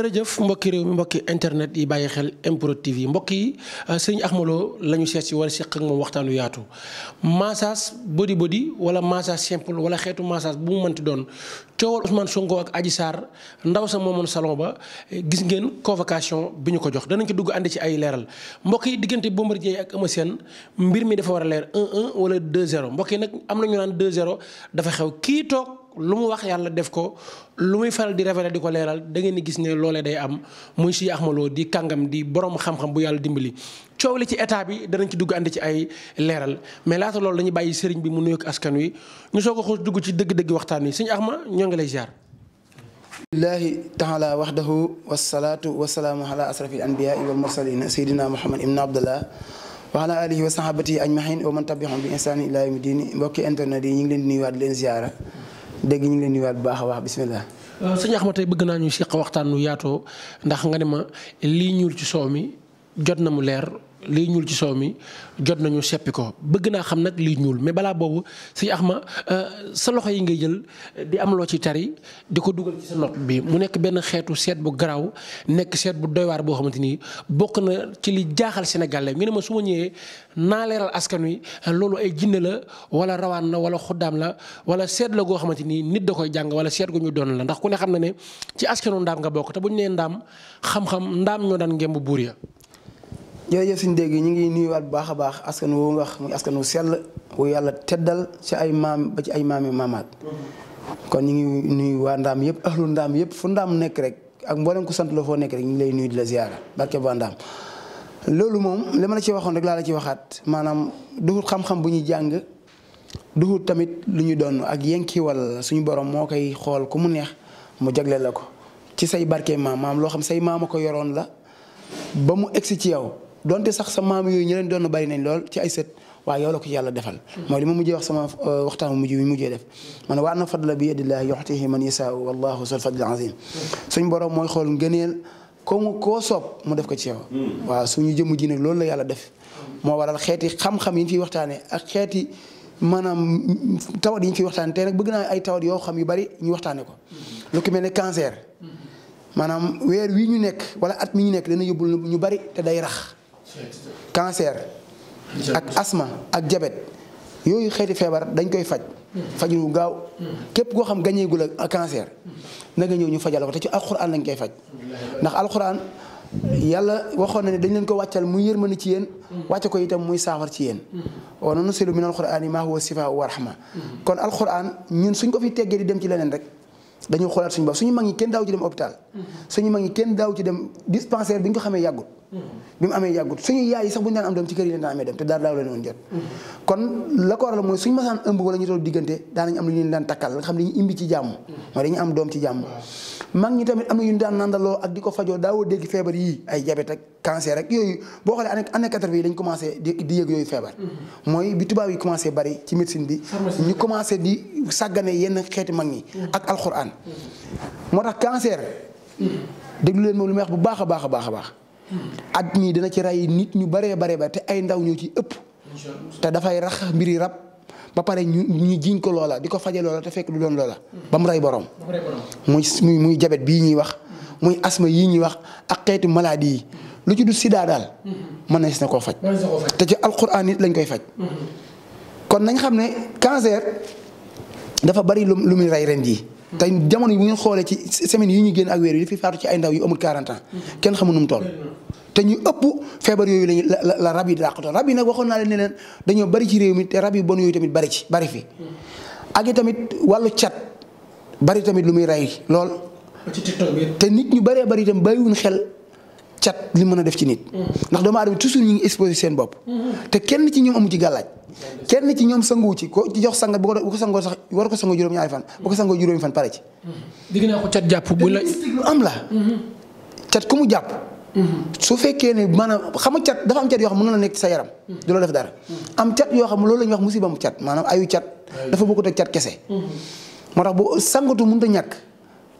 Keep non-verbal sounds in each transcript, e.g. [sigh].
jërëjëf mbokki réew mi mbokki internet yi bàyyi xel improtive TV yi mbokk yi euh, sëriñ Ahma Lo la ñu seet si wala seq ak moom waxtaanu yaatu massage body body wala massage simple wala xeetu massage bu mu mënti doon coowal Ousmane Sonko ak Adji Sarr ndaw sa moomoon salon ba gis ngeen convocation bu ñu ko jox danañ ci dugg ànd ci ay leeral mbokk yi diggante Bombardier ak Eumeu Sène mbir mi dafa war a leer 1 wala 2-0 mbokk yi nag am na ñu naan 2-0 dafa xew kii toog. lu mu wax yàlla def ko lu muy faral di révélé di ko leeral da ngeen di gis ne loole day am muy si axmaloo di kàngam di borom xam-xam bu yàlla dimbali. coow li ci état bi danañ ci dugg ànd ci ay leeral mais laata loolu dañuy bàyyi sëriñ bi mu nuyoog askan wi ñu soo a xoos dugg ci dëgg-dëgg waxtaan wi ax Axma ñoo ngi lay ziar. lillahi taala waxdahu wasalaatu wasalaamu ala asrafi alanbiyaai walmursalin sayidina muhammad ibn abdullah wa ala alihi wa sahabatihi ajmahin wa man mbokki internet yi ñu ngi leen di nuyuwaat leen ziyaara dégg ñu ngi leen nuyuwaat bu baax a baax bisimilah. Euh, sëñ Axma tey bëgg naa ñu seq waxtaan wu yaatoo ndax nga ne ma lii ñuul ci soow mi jot na mu leer lii ñuul ci soow mi jot nañu seppi ko bëgg naa xam nag liy ñuul mais balaa boobu ax ma euh, sa loxo yi ngay jël di am loo ci tari di ko dugal ci sa nopp bi mu nekk benn xeetu seet bu garaaw nekk seet bu doy waar boo xamante ni bokk na ci li jaaxal Sénégalais ñu ne ma su ma ñëwee naa leeral askan wi loolu ay jinne la wala rawaan na wala xuddaam la wala seet la goo xamante ni nit da koy jàng wala seet gu ñu doon la ndax ku ne xam na ne ci askanu ndaam nga bokk te bu ñu nee ndaam xam-xam ndaam ñoo daan jërëjëf suñu dégg ñu ngi nuyuwaat bu baax a baax askan woo nga wax muy askan wu sell wu yàlla teddal ci ay maam ba ci ay maami maamaat kon ñu ngi nuyu waa ndaam yëpp ahlu ndaam yëpp fu ndaam nekk rek ak mboolem ko sant la foo nekk rek ñu ngi lay nuyu di la ziyaara barke ba ndaam loolu moom li la ci waxoon rek laa la waxaat maanaam duhut xam bu ñuy jàng duhut tamit lu ñu doon ak yenkiwal suñu borom moo koy xool ku mu neex mu jagle la ko ci say barke maam maam loo xam say maama ko yoroon la ba mu egsi ci yow donte sax sa maam yooyu ñu leen doon bari nañ lool ci ay sët waaye yow ko yàlla defal mooy li ma mujjee wax sama euh, waxtaan mujj bi mujjee def man wa anna fadla bi yadillaahi yuxtihi man yasaa wallahu sul fadlil azim suñ borom mooy xool ngëneel ko koo soob mu def ko ci yow waaw suñu jëmm ji nag loolu la yàlla def moo waral xeeti xam-xam yi ñu fiy waxtaanee ak xeeti maanaam tawat yi ñu fiy waxtaanee rek bëgg naa ay tawat yoo xam yu bari ñu waxtaanee ko lu ko mel ne cancer maanaam weer wii ñu nekk wala at mi ñu nekk dana yóbbul ñu bari te day rax cancer ak asma ak jabet yooyu xeeti feebar dañ koy faj fajul gaaw képp koo xam gañeegul a cancer na nga ñëw ñu fajal ko te ci alxuraan lañ koy faj ndax alxuraan yàlla waxoon na ne dañ leen ko wàccal muy yërmande ci yéen wàcce ko itam muy saafar ci yéen wa nunazzilu mina alxuraani maa huwa shifaa wa rahma kon alxuraan ñun suñ ko fi teggee di dem ci leneen rek dañu xoolaat suñu bopp suñu mag ñi kenn daaw ci dem hôpital suñu mag ñi kenn daaw ci dem dispensaire bi ñu ko xamee yàggut bi mu amee yàggut suñu yaay yi sax bu ñu daan am doom ci kër yi leen daan amee doom te dara daaw leen woon jot kon la ko waral mooy suñu masaan ëmb wala ñu toll diggante daanañ am lu ñu leen daan takkal nga xam ne ñu imbi ci jàmm mooy dañuy am doom ci jàmm mag ñi tamit am na ñu daan nandaloo ak di ko fajoo daawoo dégg feebar yii ay diabète ak cancer rek yooyu boo xoolee année année quatre-vingt yi lañ commencé di di yëg yooyu feebar mm-hmm. mooy bi tubaab yi commencé bari ci médecine bi ñu commencé di sàggane yenn xeeti mag ñi mm-hmm. ak alxuraan mm-hmm. moo tax cancer déglu leen moom lu may wax bu baax a baax a baax a baax at mii dana ci rey nit ñu baree baree ba te ay ndaw ñoo ci ëpp. te dafay rax mbiri rab ba pare ñu ñu jiñ ko loola di ko faje loola te fekk du doon loola. ba mu rey borom. muy muy muy jabet bi ñuy wax. muy asma yii ñuy wax a xeetu maladie yi lu ci du sida daal. Mm-hmm. mën nañ na koo faj. te ci alxuraan nit lañ koy faj. Mm-hmm. kon nañ xam ne cancer dafa bari lu lu muy rey ren jii. tey jamono bu ngeen xoolee ci semaines yi ñu génn ak weer yi fi faatu ci ay ndaw yu amul 40 kenn xamul nu tool toll te ñu ëpp feebar yooyu la la rab yi dàqatoo rab yi nag waxoon naa leen ne leen dañoo bari ci réew mi te rab yu bon yooyu tamit bari ci bari fi ak i tamit wàllu cat bari tamit lu muy rey lool te nit ñu bëree bari itam bàyyiwuñ xel cat li mën a def ci nit. ndax doomu aadama toujours ñu ngi exposé seen bopp. te kenn ci ñoom amu ci gàllaaj kenn ci ñoom sanguwu ci ko jox sang bu ko sangoo juróom-ñaari fan. bu ko sangoo juróomi fan pare ci. digg am la. cat ku mu jàpp. su fekkee ne maanaam xam nga cat dafa am cat yoo xam mën na nekk sa yaram. du la def dara. am cat yoo xam loolu la ñuy wax musibamu cat maanaam ayu cat. dafa bokkut ak cat kese. moo tax bu sangatu mënut a ñàkk.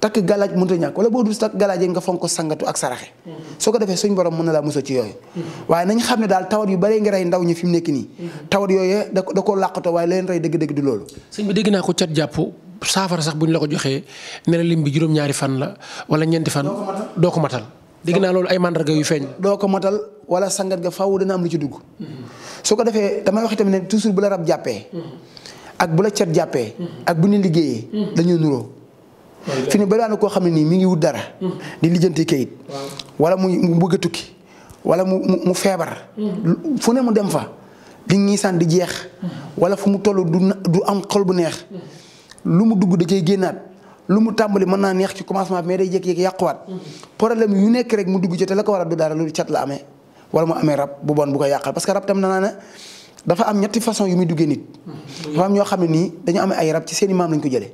takk galaaj mënut a ñàkk wala boo dul takk galaaj nga fonk ko sangatu ak saraxe mm-hmm. soo ko defee suñ borom mën na laa musal ci yooyu mm-hmm. waaye nañ xam ne daal tawat yu bëree nga rey ndaw ñi fi mu nekk nii mm-hmm. tawat yooyu da ko koo làqatoo waaye leen rey dëgg-dëgg du loolu sëñ bi dégg naa ko cat jàpp saafara sax bu ñu la ko joxee ne la lim bi juróom-ñaari fan la wala ñeenti fan doo ko matal dégg naa loolu ay mandarga yu feeñ doo ko matal wala sangat ga faaw dana am lu ci dugg su ko defee damay wax tamit ne toujours bu la rab jàppee ak bu la cat jàppee ak bu ñu liggéeyee dañoo nuroo fi ni bari na koo xam ne nii mi ngi wut dara. Hmm. di lijjanti kayit. wala muy mu bëgg tukki wala mu mu feebar. Hmm. fu ne mu dem fa di ñiisaan di jeex. Hmm. wala fu mu tollu du du am xol bu neex. lu mu dugg da cay génnaat lu mu tàmbali mën naa neex ci commencement bi day jékki-jékki yàquwaat. nekk rek mu dugg ci te la ko war a du dara lu cat la amee. wala mu amee rab bu bon bu ko yàqal parce que rab tam danaa ne dafa am ñetti façon yu muy duggee nit. dafa am ñoo xam ne nii dañu amee ay rab ci seen i maam lañ ko jëlee.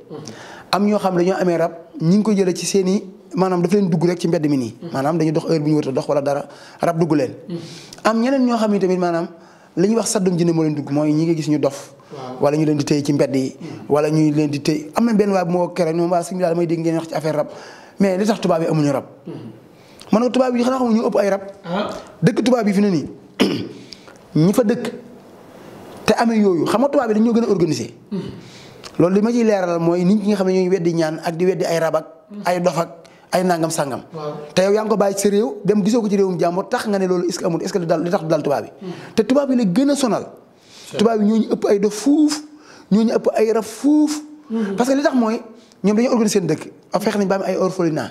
am ñoo xam dañoo amee rab ñi ngi ko jëlee ci seen i maanaam dafa leen dugg rek ci mbedd mi nii. Mm-hmm. maanaam dañuy dox heure ñu war a dox wala dara rab dugg leen. Mm-hmm. am ñeneen ñoo xam ne tamit maanaam li ñuy wax saddum jinne moo leen dugg mooy ñi nga gis ñu dof. wala ñu leen di téye ci mbedd yi. Mm-hmm. wala ñu leen di téye am benn waay bu ma ko keroog moom waa suñu daal damay dégg ngeen wax ci affaire rab mais li tax tubaab yi amuñu rab. man nag tubaab yi xanaa xamuñu ëpp ah. yi fi ne nii [clears throat] ñi fa dëkk te amee yooyu xam nga tubaab yi dañoo gën a organiser loolu li ma ciy leeralal mooy nit ñi nga xam ne ñooy weddi ñaan ak di weddi ay rabak ay dofak ay nangam sangam. te yow yaa ngi ko bàyyi ci réew dem gisoo ko ci réewum jàmbur tax nga ne loolu est-ce que amul est li dal li tax du dal tubaab bi. Hmm. te tubaab la gën a sonal. tubaab bi ñoo ñu ëpp ay dof fuuf ñoo ñu ëpp ay rab fuuf. Hmm. parce que li tax mooy ñoom dañoo organiser seen dëkk. fexe nañ ba am ay naa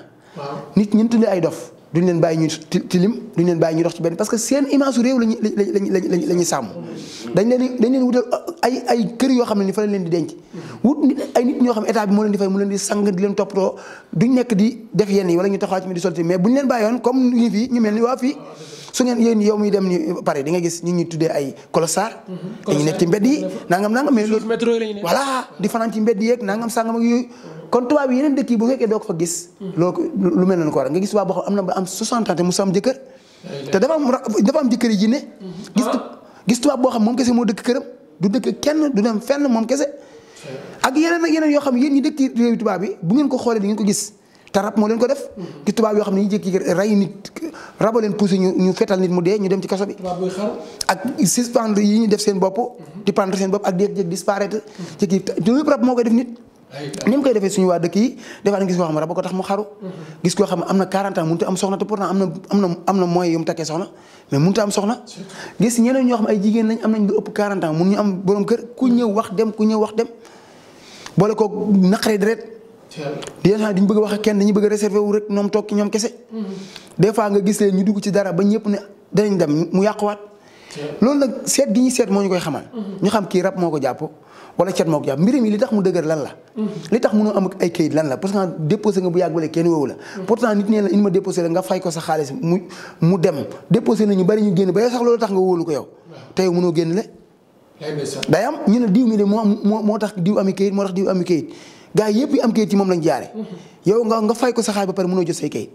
nit ñi tuddee ay dof duñ leen bàyyi ñu tilim duñ leen bàyyi ñu dox ci benn parce que seen image réew lañu lañu lañu sàmm. dañ leen dañ leen wutal uh, ay kër yoo xam ne ni fa leen di denc. wut nit ay nit ñoo xam état bi moo leen di fay mu leen di sang di leen toppatoo duñ nekk di def yenn yi wala ñu taxaw ci di solti mais buñ leen bàyyoon comme ñu fii ñu mel ni waa fii. su ngeen yéen yow muy dem ni pare di nga gis ñu ñuy tuddee ay colossar mhm. dañu nekk ci mbedd yi nangam nangam mais loolu voilà di fanaan ci mbedd yeeg nangam sàngam ak yooyu mhm. kon tubaab yi yeneen dëkk yi bu fekkee doo ko gis mhm. loolu lu mel noonu ko gis waa boo am na ba am 60 ans te mu am jëkkër am dafa am jëkkër yi jinne gis ah. gis tubaab boo xam moom kese moo dëkk këram du dëkk kenn du dem fenn moom kese ak yeneen yoo xam yéen dëkk ci réew yi bu ngeen ko xoolee di ngeen ko gis te rab moo leen ko def. ci tubaab yoo xam ne ñu jékki rey nit rabo leen poussé ñu fetal nit mu dee ñu dem ci kaso bi. ak suspendre yi ñu def seen bopp. def nit. ni koy defee suñu waa dëkk yi dafa am gis koo xam ne rab ko tax mu xaru. Mhm. gis koo xam am na 40 ans mënut a am soxna te pourtant am na am na am na moyen soxna mais mënut a am soxna. gis ñeneen ñoo xam ay jigéen lañ am nañ lu ëpp 40 ans mun ñu am borom kër ku ñëw wax dem ku ñëw wax dem boole des fois duñ bëgg wax ak kenn dañu bëgg a réserver rek ñoom toog ki ñoom kese. Mm-hmm. des nga gis leen ñu dugg ci dara ba ñëpp ne danañ dem mu yàquwaat. loolu nag seet gi ñuy seet moo ñu koy xamal. Mm-hmm. ñu xam kii rab moo ko jàpp wala cet moo ko jàpp mbiram yi li tax mu dëgër lan la. Mm-hmm. li tax mënoo am ay kayit lan la parce que déposé nga bu yàgg wala kenn woowu la. pourtant nit ne la in la nga fay ko sa xaalis mu mu dem déposé nañu bari ñu génn ba yow sax loolu tax nga wóolu ko yow. te yow mënoo génn le. day am ñu ne diw mi de moo moo moo tax diw gars yëpp yi am kayit ci moom lañ jaare mhm. yow nga fay ko sa xaalis ba pare mënoo jot say kayit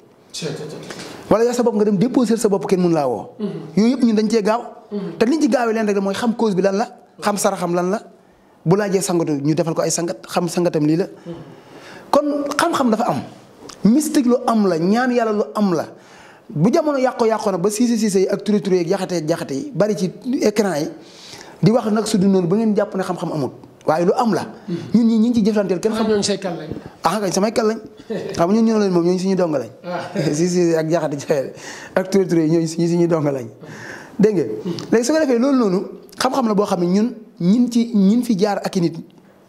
wala yow sa bopp nga dem déposer sa bopp kenn mun laa woo mhm. yooyu yëpp ñun dañ cee gaaw mhm. te liñ ci gaawee leen rek mooy xam cause bi lan la xam saraxam lan la bu laajee sangatu ñu defal ko ay sangat xam sangatam lii la kon xam-xam dafa am mystique lu am la ñaan yàlla lu am la bu jamono yàqoo yàqoo na ba siise siise yi ak turé turé yi jaxate jaxate yi bari ci écran yi di wax nag su du noonu ba ngeen jàpp ne xam-xam amut waaye lu am la. ñun ñi ñu ngi ci jëflanteel kenn xam. ñooñu say kal lañ. ah samay kal lañ. xam suñu dong lañ. Ah. [laughs] si si ak jaxati jaxate ak Touré Touré ñooñu noonu xam la boo xam ne ñun ñin ci ñin fi jaar ak i nit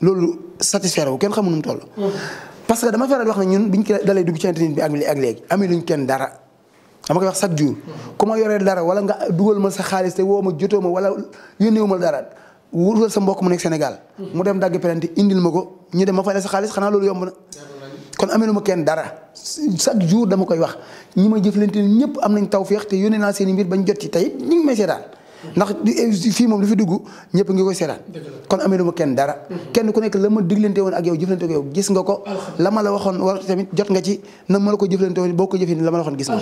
loolu satisfaire wu kenn xamu nu mu toll. Hmm. parce que dama faral wax ne ñun biñ dalee dugg ci internet bi ak léegi ami luñ kenn dara dama koy wax chaque jour ku ma yoree dara wala nga dugal ma sa xaalis te woo ma jotoo ma wala yónneewu ma dara wutal sa mbokk mu nekk Sénégal hmm. mu dem dagg pelante indil ma ko ñu dem ma fay la sa xaalis xanaa loolu yomb na kon amelu ma kenn dara chaque jour dama koy wax ñi ma jëflante ñëpp am nañ tawféex te yónnee naa seen i mbir bañ jot ci tey ñu ngi may seetaan hmm. ndax eh, fii moom lu fi dugg ñëpp ngi koy seetaan kon amelu ma kenn dara hmm. kenn ku nekk la ma diglante woon ak yow jëflante ko yow gis nga ko la ma la waxoon war tamit jot nga ci na ma la ko jëflante boo ko jëfee la ma la xoon gis nga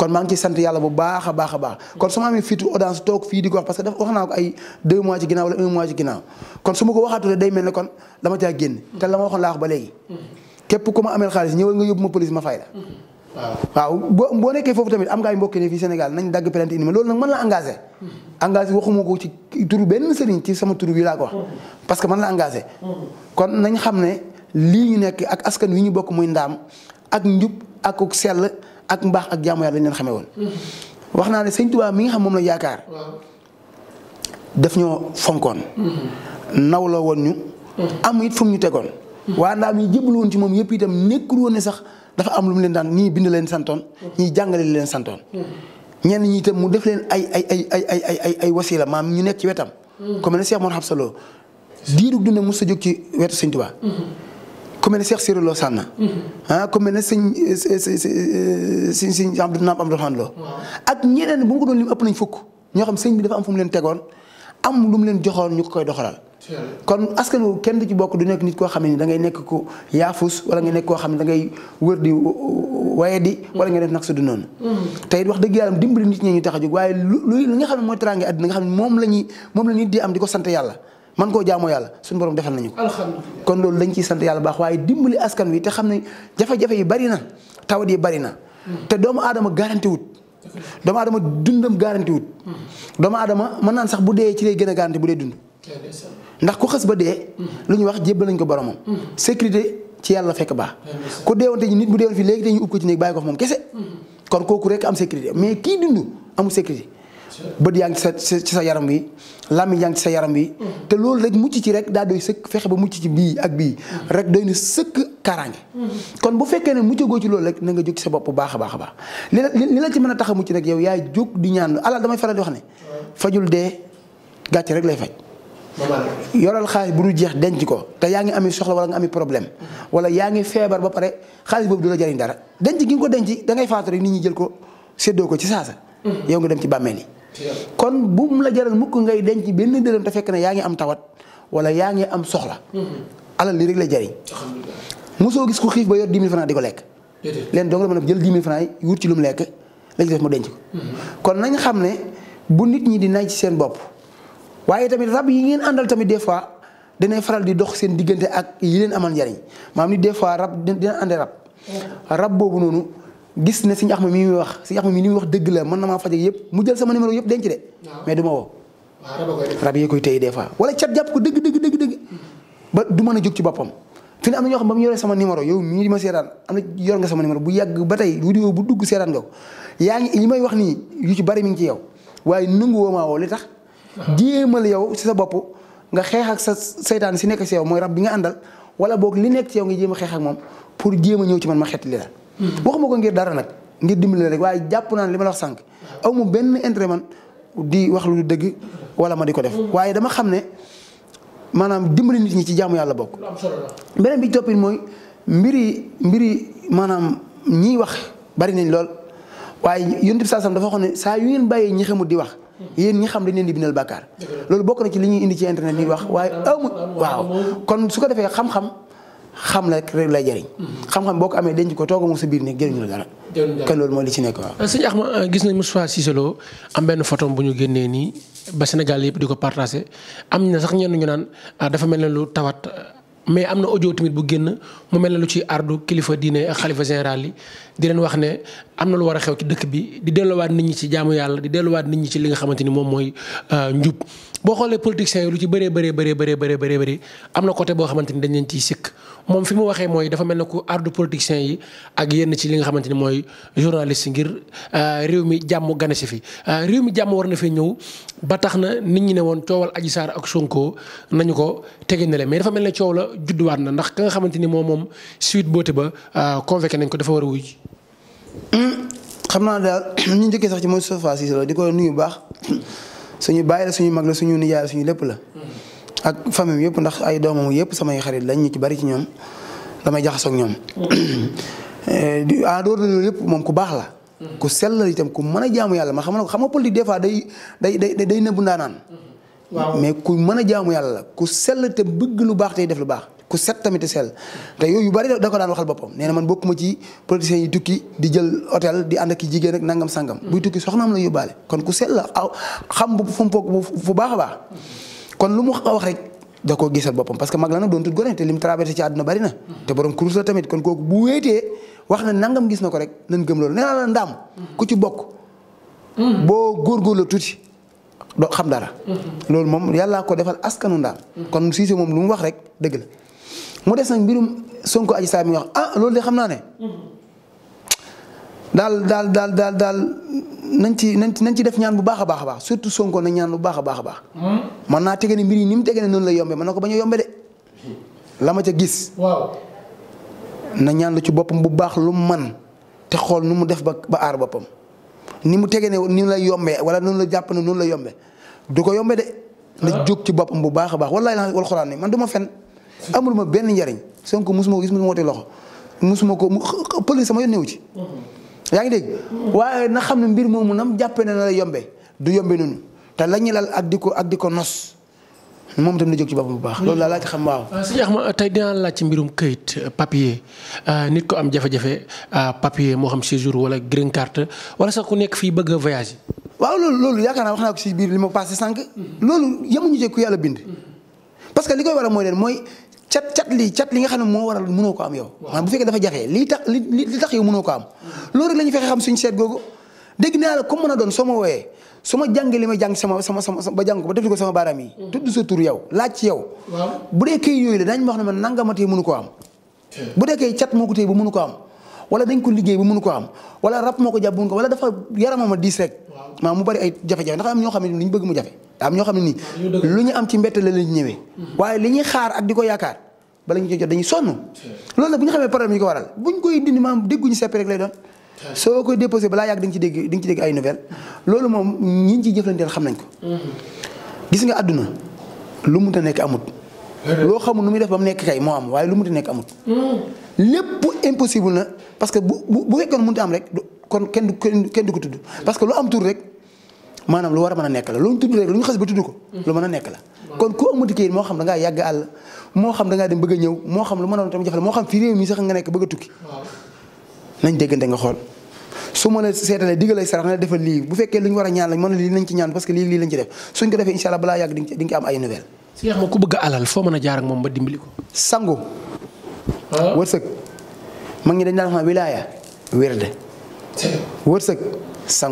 kon maa ngi ciy sant yàlla bu baax a baax a baax kon su ma amee fitu audience toog fii di ko wax parce que dafa wax naa ko ay deux mois ci ginnaaw wala un mois kon su ma ko waxaatulee day mel ne kon dama caa génn te la ma wax ba la waaw boo waxuma ko ci turu benn sëriñ ci sama turu bi laa ko wax parce que man la engagé kon nañ xam ne lii ñu nekk ak askan wi ñu bokk muy ndaam ak njub ak sell ak mbaax ak jaamu yàlla lañ leen xamee woon. wax naa ne sëñ Tuubaa mi nga xam moom la yaakaar. daf ñoo fonkoon. naw la woon ñu. am it ñu tegoon. waa ndaam yi jébbalu woon ci moom yëpp itam nekkul woon ne sax dafa am lu mu leen daan ñii bind leen santoon. ñii jàngale leen santoon. ñenn ñi itam mu def leen ay ay ay ay ay ay ay wasila maam ñu nekk ci wetam. kom mm. ne Cheikh Mor Habsa Lo diirug dund mos a jóg ci wetu sëñ Tuubaa. ku mel ne Cheikh Cyril Lo Sànn mm-hmm. ah ku mel ne sëñ sëñ sëñ Abdou Naam Abdou Rahman ak ñeneen bu mu ko doon lim ëpp nañ fukk ñoo xam sëñ bi dafa am fu mu leen tegoon am lu leen joxoon ñu ko koy doxalal kon askan wu kenn du ci bokk du nekk nit koo xam ne da ngay nekk ko yaafus wala nga nekk koo xam ne da ngay wër di waye di wala nga def nag su du noonu mm-hmm. tey wax dëgg yàlla dimbali nit ñi ñu tax a jóg waaye lu li nga xam ne mooy teraange àddina nga xam ne moom la ñuy moom la nit di am di ko sant yàlla man koo jaamoo yàlla suñu borom defal nañu ko kon loolu lañ ciy sant yàlla baax waaye dimbali askan wi te xam ne jafe-jafe yi bari na tawat yi bari na hmm. te doomu aadama garanti wut doomu aadama dundam garanti wut hmm. doomu aadama mën naan sax bu dee ci lay gën garanti bu dee dund ndax ku xës ba dee hmm. lu ñu wax jébbal nañ ko boromam sécurité ci yàlla fekk baax ku deewante ñi nit bu deewoon fii léegi dañuy ub ko ci néeg bàyyi ko fa moom kese kon kooku rek am sécurité mais kii dund amul sécurité bët yaa ngi sa ci sa yaram wi làmmiñ yaa ngi ci sa yaram wi te loolu rek mucc ci rek daa doy sëkk fexe ba mucc ci bii ak bii rek doy na sëkk kaaraange kon bu fekkee ne muccagoo ci loolu rek na nga jóg sa bopp bu baax a baax baax li la li la ci mën a tax mucc nag yaw yaay jóg di ñaan alal damay faral di wax ne fajul de gàcce rek lay faj yoral xaalis bu dul jeex denc ko te yaa ngi ami soxla wala nga ami problème wala yaa ngi feebar ba pare xaalis boobu du la dara denc gi ko denc da ngay faatu rek nit jël ko séddoo ko ci saasa mm-hmm. yow nga ci bàmmeel yi kon bu la jaral mukk ngay denc benn dërëm te fekk ne yaa ngi am tawat wala yaa ngi am soxla. alal li rek la jariñ. mosoo gis ku xiif ba yor 10 000 di ko lekk. leen dong la mën a jël 10 000 francs yi wut ci lu mu lekk lañ def mu denc ko. Mm-hmm. kon nañ xam ne bu nit ñi di nay ci seen bopp waaye tamit rab yi ngeen àndal tamit des fois danay faral di dox seen diggante ak yi leen amal njariñ maanaam ni des fois rab dina ànd rab. Mm-hmm. rab boobu noonu. gis ne suñu axma mi muy wax suñu axma mi li muy wax dëgg la mën na maa faj ak yëpp mu jël sama numéro yëpp denc de. mais du ma woo. rab yee koy téye des fois wala cat jàpp ko dëgg dëgg dëgg dëgg. ba du man a jóg ci boppam. fi ne am na ñoo xam ba mu sama numéro yow mii di ma seetaan na yor nga sama bu yàgg ba tey vidéo bu dugg seetaan yaa ngi li may wax nii yu ci bari mi ngi ci yow waaye nangu woo maa woo li tax. jéemal yow si sa bopp nga xeex ak sa seytaan si nekk si yow mooy rab bi nga àndal wala boog li nekk ci yow nga jéem a moom pour jéem a ñëw ci man ma xetti li waxuma ko ngir dara nag ngir dimbali rek waaye jàpp naa li ma la wax sànq aw mu benn intérêt man di wax lu dëgg wala ma di ko def waaye dama xam ne maanaam dimbali nit ñi ci jaamu yàlla bokk. beneen bi toppin mooy mbiri mbiri maanaam ñiy wax bari nañ lool waaye yonent bi saasam dafa xam ne saa yu ngeen bàyyee ñi xamut di wax. yéen ñi xam ne leen di bindal bàkkaar loolu bokk na ci li ñuy indi ci internet ñuy wax waaye amu waaw kon su ko defee xam-xam. xam la rek lay jëriñ. xam-xam boo ko amee denc ko toog moom sa biir ne jëriñu la dara. kan loolu moo li ci nekk waaw. Euh, sëñ Axma euh, gis nañ Moustapha Cissé Lo am benn photo bu ñu génnee nii ba Sénégal yëpp di ko partagé am na sax ñenn ñu naan euh, dafa mel ne lu tawat mais am na audio tamit bu génn mu mel ne lu ci ardu kilifa diine ak xalifa général yi di leen wax ne am na lu war a xew ci dëkk bi di delluwaat nit ñi ci jaamu yàlla di delluwaat nit ñi ci li nga xamante ni moom mooy njub. boo xoolee politiciens yi lu ci bëree bëree bëree bëree bëree bëree bëri am na côté boo xamante ni dañ leen ciy sikk moom fi mu waxee mooy dafa mel ne ku ardu politiciens yi ak yenn ci li nga xamante ni mooy journaliste ngir euh, réew mi jàmm gane si fi. Euh, réew mi jàmm war na fee ñëw ba tax na nit ñi ne woon coowal Adji Sarr ak Sonko nañu ko tege ne le mais dafa mel ne coow la judduwaat na ndax ka nga xamante ni moom moom suite boote ba euh, convoqué nañ ko dafa war a wuy. Hmm, xam naa daal [coughs] ñu njëkkee sax ci mooy surface yi la di ko nuyu baax. suñu bàyyi la suñu mag la suñu nijaay la suñu lépp la. ak fami yëpp ndax ay doomam yëpp samay xarit lañ ñu ci bari ci ñoom damay jaxasoo ak ñoom. Mm. Eh, di en de loolu yëpp moom ku baax la. ku sell la itam ku mën a jaamu yàlla ma xam nga xam nga politique des fois day day day day nëbbu ndaanaan. Mm. mais ku mën a jaamu yàlla ku sell te bëgg lu baax tey def lu baax. ku set tamit sell te yooyu yu bari da ko daan waxal boppam nee na man bokkuma ci politiciens yi tukki di jël hôtel di ànd ak jigéen ak nangam sangam. buy tukki soxnaam la yóbbaale kon ku sell la xam bu fu baax a baax kon lu mu wax rek da koo gisal boppam parce que mag la nag doon tut gone te lim traversé ci àdduna bari na. te borom kurus la tamit kon kooku bu wéetee wax na nangam gis na ko rek nan gëm loolu nee naa la ndaam. ku ci bokk. boo góorgóorlu tuuti. doo xam dara. Mm-hmm. loolu moom yàllaa ko defal askanu ndaam. Mm-hmm. kon Cissé moom lu mu wax rek dëgg la. mu des nag mbirum Sonko Adji Sarr mi loolu de xam naa ne. daal daal daal daal daal nañ ci nañ nañ ci def ñaan bu baax a baax a baax surtout Sonko nañ ñaan bu baax baax a baax. man naa tege ne mbir yi ni mu tege ne noonu la yombee man na ko bañ a yombee de. ca gis. waaw na ñaan ci boppam bu baax lu man te xool nu mu def ba ba aar boppam ni mu tege ne ni la yombee wala noonu la jàpp ne noonu la yombee du ko yombee de. ci boppam bu baax a baax wallaahi wal xuraan man du ma fen amul ma benn njariñ Sonko musuma ko gis musuma wotee loxo musuma ko pël sama yoon newu ci. yaa ngi dégg. waaye na xam ne mbir moomu nam jàppee na la yombe du yombe noonu te la ñu lal ak di ko ak di ko nos moom itam na jóg bu baax. loolu laa xam waaw. sëñ Axma tey laaj ci mbirum këyit papier euh, nit ko am jafe-jafe euh, papier moo xam séjour wala green card wala sax ku nekk fii bëgg a voyager. waaw loolu loolu yaakaar naa wax naa ko si biir li ma passé sànq. loolu yemuñu ci ku yàlla bind. parce que li koy waral mooy leen mooy cat cat lii cat li nga xam ne moo waral mënoo ko am yow. maanaam bu fekkee dafa jafe lii tax li tax yow ko am. Hmm. loolu la ñu fexe xam suñu seet googu dégg naa la comme mën doon soo ma wooyee ma jàngee li ma jàng sama sama sama ba jàng ko ba ko sama baaraam yi. Hmm. tudd sa tur yow laaj yooyu la daañu ma wax ne man nangamatee mënu am. bu dee kay cat moo ko téye ba mënu ko am. wala dañ ko liggéey ba mënu ko am wala rab moo ko jàpp mënu wala dafa yaramama diis rek. maa mu bari ay jafe-jafe ndax am ñoo xam ne ni ñu bëgg mu jafe am ñoo xam ne nii lu ñu am ci mbett la lañu ñëwee waaye li ñuy xaar ak di ko yaakaar bala ñu ci jot dañuy sonn loolu nag bu ñu xamee problème yi ko waral buñ koy dindi maam dégguñu sepp rek lay doon soo koy déposé balaa yàgg di nga ci dégg ay nouvelle loolu moom ñi ñu jëflanteel xam nañ ko mm-hmm. gis nga àdduna lu mun ta nekk amut loo xamul nu muy def ba mu nekk kay moo am waaye lu mun ta nekk amut mm-hmm. lépp impossible na parce que bu bu fekkoon mun ta am du kenn du ko tudd parce que rek maanaam lu war a mën a nekk la lu ñu tudd rek lu ñu xas ba tudd ko lu mën a nekk la kon ku amati moo xam da ngaa yàgg àll moo xam da dem bëgg ñëw moo xam lu mën a doon tamit jafe moo xam fii réew sax nga nekk bëgg a tukki nañ déggante nga xool su ma la seetalee diggalay sarax na defal lii bu fekkee lu war a ñaan lañ mën na lii nañ ci ñaan parce que lii lii lañ ci def suñ ko defee incha allah balaa yàgg di nga ci am ay nouvelle Cheikh ma ku bëgg alal foo mën a jaar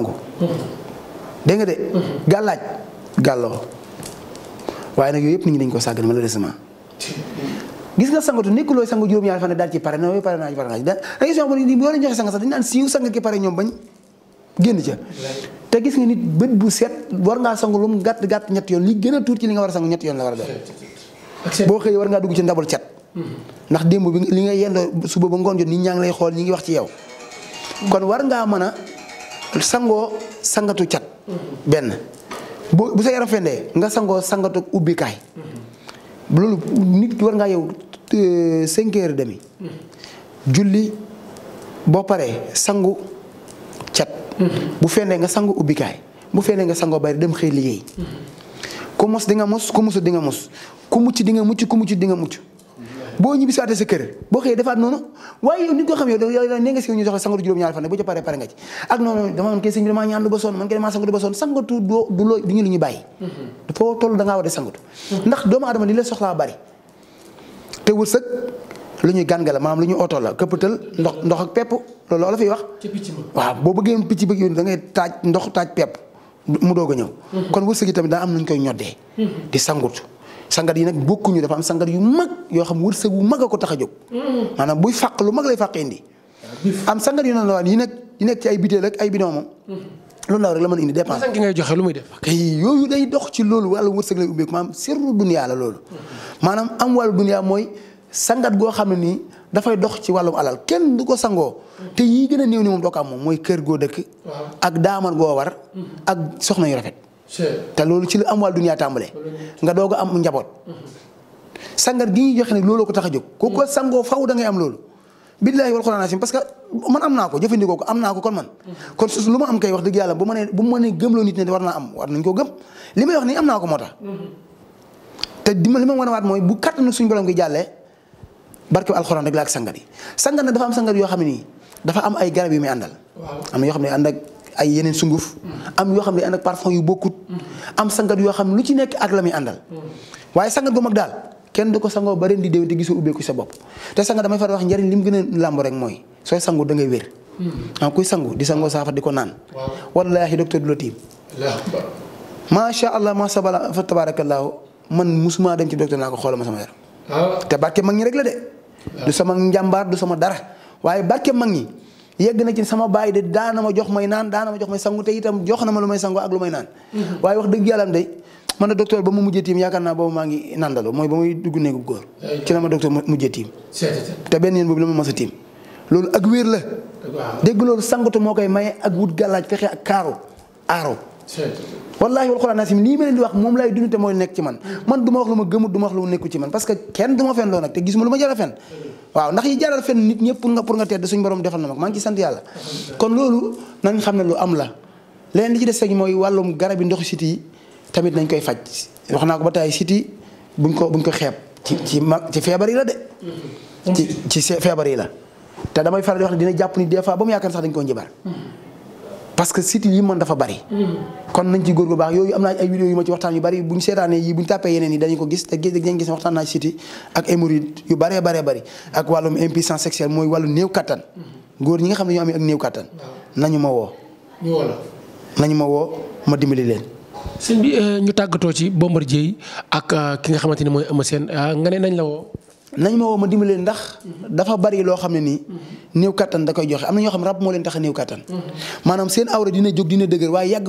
ak dégg nga de. gàllaaj gàlloo waaye nag yooyu yëpp nit ñi dañ ko sàggan malheureusement. gis nga sangatu nekk looy sangu juróom-ñaari fan daal ci pare non pare naa ci pare naa ci da ngay soo xam ne boo leen joxe sang sax dañu naan te gis nga nit bët bu set war ngaa sangu lu mu gàtt gàtt ñett yoon li gën a tuur ci li nga war a sangu ñett yoon la war a doon. boo xëyee war ngaa dugg ci ndabal cat. Mm-hmm. ndax démb bi li nga yendoo suba ba ngoon jot nit ñaa ngi lay xool ñi ngi wax ci yow. Mm-hmm. kon war ngaa mën a sangoo sangatu cat. benn bu bu sa yaram fendee nga sangoo sangatoog ubbi kaay loolu nit ki war ngaa yow euh, cinq heures demi julli boo paree sangu cat bu fendee nga sangu ubbi bu fendee nga sangoo bari dem xëy liggéey ku mos di nga mos ku mosu di nga mos ku mucc di nga mucc ku mucc di nga mucc boo ñibbi si waatee sa kër boo xëyee defaat noonu waaye yow nit ko xam yow yow ne nga si ñu jox la sangatu juróom-ñaari fan boo ca paree pare nga ci ak noonu dama man kay lu ba sonn man kay ñu lu ñu mhm. a sangatu ndax doomu adama li la la maanaam lu ñuy oto boo bëggee picc bëgg yoon da ngay taaj ndox taaj pepp mu doog a ñëw mhm. kon wërsëg yi tamit daa am nañ koy ñoddee mhm. di sangut sangat yi nag bokkuñu dafa am sangat yu mag yoo xam wërsëg wu mag a ko tax a jóg. Mm. maanaam buy fàq lu mag lay fàq indi. Mm. am sangat yu noonu la yi nag yi nekk ci ay biteel ak ay bidon moom. Mm. loolu laaw rek la mën indi dépend. ki ngay lu muy def. kay yooyu day dox ci loolu wàllu wërsëg lay ubbeeku maanaam sirru dunyaa la loolu. maanaam am wàllu dunyaa mooy sangat goo xam ne nii dafay dox ci wàllum alal kenn du ko sangoo. te yii gën a néew ni moom doo ko moom mooy kër goo dëkk. ak daamar goo war. soxna yu te loolu ci la am wàllu duniyaa tàmbale nga doog a am njaboot. sangar gi ñuy joxe nag looloo ko tax a jóg. ku ko sangoo faaw da ngay am loolu. billaahi wal quraan asim parce que man am naa ko jëfandikoo ko am naa ko kon man. kon su lu ma am kay wax dëgg yàlla bu ma nee bu ma nee gëmloo nit ne war naa am war nañ koo nii am naa ko moo tax. a waat mooy bu kàttanu suñu borom gi jàllee barke alxuraan rek la ak sangar sangar nag dafa am sangar yoo xam ne nii dafa am ay garab yu muy àndal. am yoo xam ne ànd ay yeneen sunguf am yoo xam ne ànd ak parfum yu bokkut am sangat yoo xam ne lu ci nekk ak la muy àndal waaye sangat gu mag daal kenn du ko sangoo ba ren di déwén te gisoo sa bopp te sangat damay wax njëriñ li mu gën a rek mooy sooy sangu da ngay wér ah kuy sangu di sangoo saafara di ko naan wallaahi docteur du la tiim macha allah ma sabala fa man musuma dem ci docteur naa ko ma sama yaram ah. te barke mag ñi rek ah. njàmbaar du sama dara waaye barke mag ñi yegg na ci sama baay de daana ma jox may naan daana ma jox may sangu te itam jox na ma lu may sangu ak lu may naan. Mm-hmm. waaye wax dëgg yàlla de man na docteur ba mu mujjee tiim yaakaar naa boobu maa ngi nandalu mooy ba muy dugg néegu góor. ci la ma docteur mujjee tiim. te benn yéen boobu la ma mës a tiim. loolu ak wér la. dégg loolu sangatu moo koy maye ak wut gàllaaj fexe ak kaaru aaro. wallaahi wal xuraan asim lii ma leen di wax moom laay dund te mooy nekk ci man man du ma wax lu ma gëmut du ma wax lu ma nekku ci man parce que kenn du ma fen loo te gis ma lu ma a fen waaw ndax yi jaral fenn nit ñëpp pour nga pour nga tedd suñu borom defal na ma maa ci sant yàlla kon loolu nañ xam ne lu am la leneen li ci des rek mooy wàllum garab yi ndoxu siti yi tamit nañ koy faj wax naa ko ba taay siti buñ ko buñ ko xeeb ci ci ma ci feebar yi la de ci ci feebar yi la te damay faral di wax dina jàpp ni des fois ba mu yaakaar sax dañ koo njibar parce que sites yi mën dafa bari. kon nañ ci góor bu baax yooyu am naa ay vidéo yu ma ci waxtaan yu bari bu seetaanee yi bu tàppee yeneen yi dañu ko gis te gis dañu gis waxtaan naa ci ñi nga xam ne ñoo amee nañu ma woo. ñu woo nañu ma woo ma dimbali leen. sëñ bi euh, ñu tàggatoo ci Bombardier ak euh, ki nga xamante ne mooy Eumeu Sène euh, nga ne nañ la woo. nañ ma woo ma leen ndax dafa bari loo xam ne nii mhm. néew kattan da koy joxe na ñoo xam ne rab moo leen tax a néew kattan mhm. maanaam seen awra dina jóg dina dëgër waaye a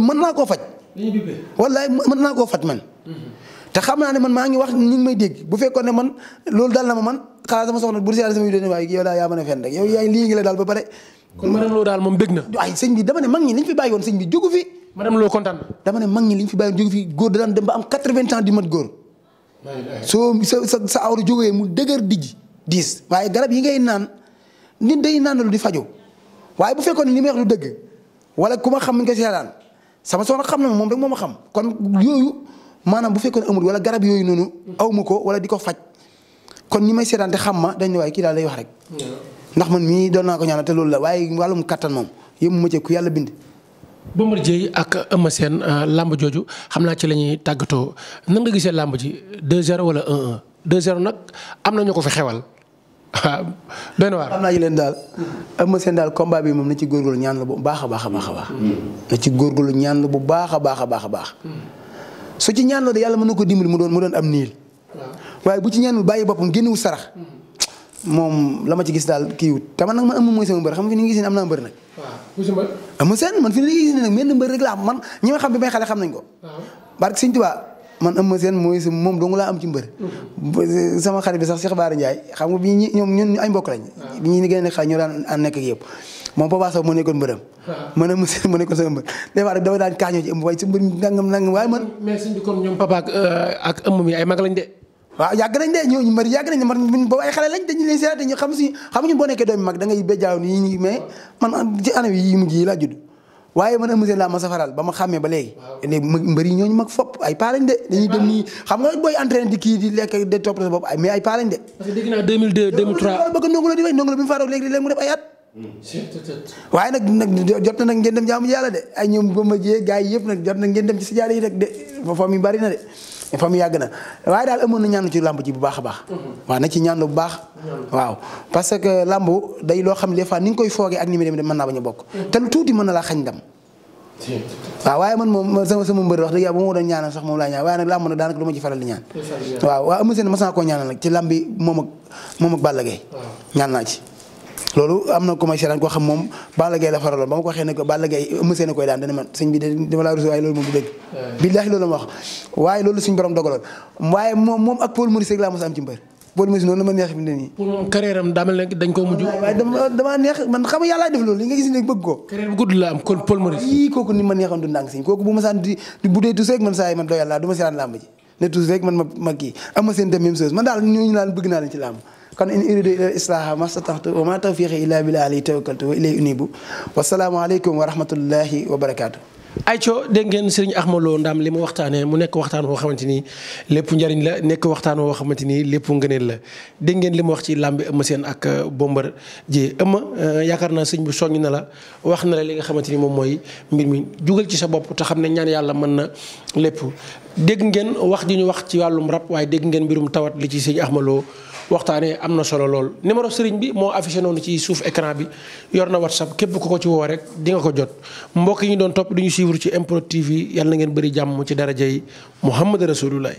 man naa koo faj wallaay mën naa koo faj mhm. naa ne wax ñu ngi a fen rek yow yaay lii ngi la daal ba pare kon madame Lo daal moom bég na mag ñi liñ fi bàyyi woon bi jógu fi ne mag ñi liñ fi bàyyi woon góor daan dem ba am 80 ans di mat góor soo sa sa sa awra jógee mu dëgër dijj diis waaye garab yi ngay naan nit day naan lu di faju waaye bu fekkoon ni li may wax lu dëgg wala ku ma xam nga ko seetaan sama soxna xam na moom rek moo ma xam kon yooyu maanaam bu fekkoon amul wala garab yooyu noonu aw ma ko wala di ko faj kon ñi may seetaan te xam ma dañ ne waaye kii daal lay wax rek. ndax man nii doon naa ko ñaanal te loolu la waaye wàllum kàttan moom yëpp mu ma ci ku yàlla bind. Bombardier ak Eumeu Sène euh, làmb jooju xam naa ci la ñuy tàggatoo nan nga gisee làmb ji 2-0 wala 1-1 2-0 nag am na ñu ko fi xewal waaw [laughs] ah, doy na waar. am leen daal Eumeu Sène daal combat bi moom na ci góorgóorlu ñaan la bu baax a baax a baax a baax. góor ci góorgóorlu ñaan la bu baax a baax a baax a baax. su ci ñaan la de yàlla mën na ko dimbali mu doon mu doon am niil. waaye bu ci ñaanul bàyyi boppam génnewu sarax. moom la ma ci gis daal kii wut te man nag man am mooy sama mbër xam nga fi ni nga gis ne am naa mbër nag. waaw seen man fi ni nga gis nag ma xam bi may xale xam nañ ko. barke Sëñ Tuubaa man sa moom dong laa am ci mbër. Mm. sama xarit bi sax Cheikh Bara Ndiaye xam nga bi ñi ñoom ñun ay mbokk lañ. bi ñuy gën a nekk xale ñoo daan ànd nekk ak yëpp. moom Papa ñoom papa ak ëmm euh, mi ay de waaw yàgg nañ de ñooñu mbëri yàgg nañ man boobu ay xale lañ dañu leen seet dañu xam si xam ñu boo nekkee doomi mag da ngay béjaaw nii nii mais man ci année yi mujj yi laa judd waaye man amusé laa ma safaral ba ma xàmmee ba léegi léegi mbëri ñooñu mag fopp ay paa lañ de dañuy dem nii xam nga booy entraîné di kii di lekk de topp sa bopp ay mais ay paa lañ de parce que dégg naa 2002 2003 bëgg ndongo la di way ndongo la bi mu faaroo léegi léegi mu def ay at hmm. waaye nag nag jot na nag ngeen dem jaamu yàlla de ay ñoom ba ma jee gars yi yëpp nag jot na ngeen dem ci si jaale yi rek de foofu mi bari na de fa mu yàgg na waaye daal amoon na ñaanu ci làmb ji bu baax a baax. Mhm. waaw na ci ñaanu bu baax. waaw parce que làmb day loo xam ne des fois ni koy foogee ak ni mu demee mën naa bañ a bokk. Mhm. te lu tuuti mën na laa xañ ndam. waaw waaye man moom sama sama mbër wax dëgg yàlla bu ma doon a sax moom laa ñaan waaye nag làmb nag ma ci faral di ñaan. waaw waaw am na seen ci làmb moom ak moom ak ñaan naa ci loolu am na ko may seetaan koo xam moom Balla Gaye la faraloon ba ma ko waxee ne ko Balla Gaye mësee na koy daan dana man sëñ bi dama laa rus man xam nga yàlla def loolu li nga gis ne bëgg ko carrière bu gudd la am kon Paul Maurice kooku bu ma saan di bu dee tous rek man saa yi man doyal laa ma ji ne tous rek man ma kii am ma seen dem même chose man daal ñooñu naan bëgg naa leen ci làmb kon in uridu ila islaaha mastata'tu wa ma tawfiqi illa billah alayhi tawakkaltu wa ilayhi unibu wasalaamualeykum wa rahmatullahi wa barakaatu. Ayco dégg ngeen sëriñ Axma Lo Ndam li ma waxtaanee mu nekk waxtaan woo xamante ni lépp njariñ la nekk waxtaan woo xamante ni lépp ngëneel la dégg ngeen li mu wax ci làmbi Eumeu Sène ak euh, Bombardier ji Eumeu euh, yaakaar naa sëñ bu soññ na la wax na la li nga xamante ni moom mooy mbir mi jugal ci sa bopp te xam ne ñaan yàlla mën na lépp dégg ngeen wax ji ñu wax ci wàllum rab waaye dégg ngeen mbirum tawat li ci sëñ Axma waxtaanee am na solo lool numéro sëriñ bi moo affiché noonu ci suuf ecran bi yor na whatsapp képp ku ko ci woo rek di nga ko jot mbokk yi ñu doon topp di ñu suivre ci MPROD TV yàlla na ngeen bëri jàmm ci daraja yi Muhammad Rasulullah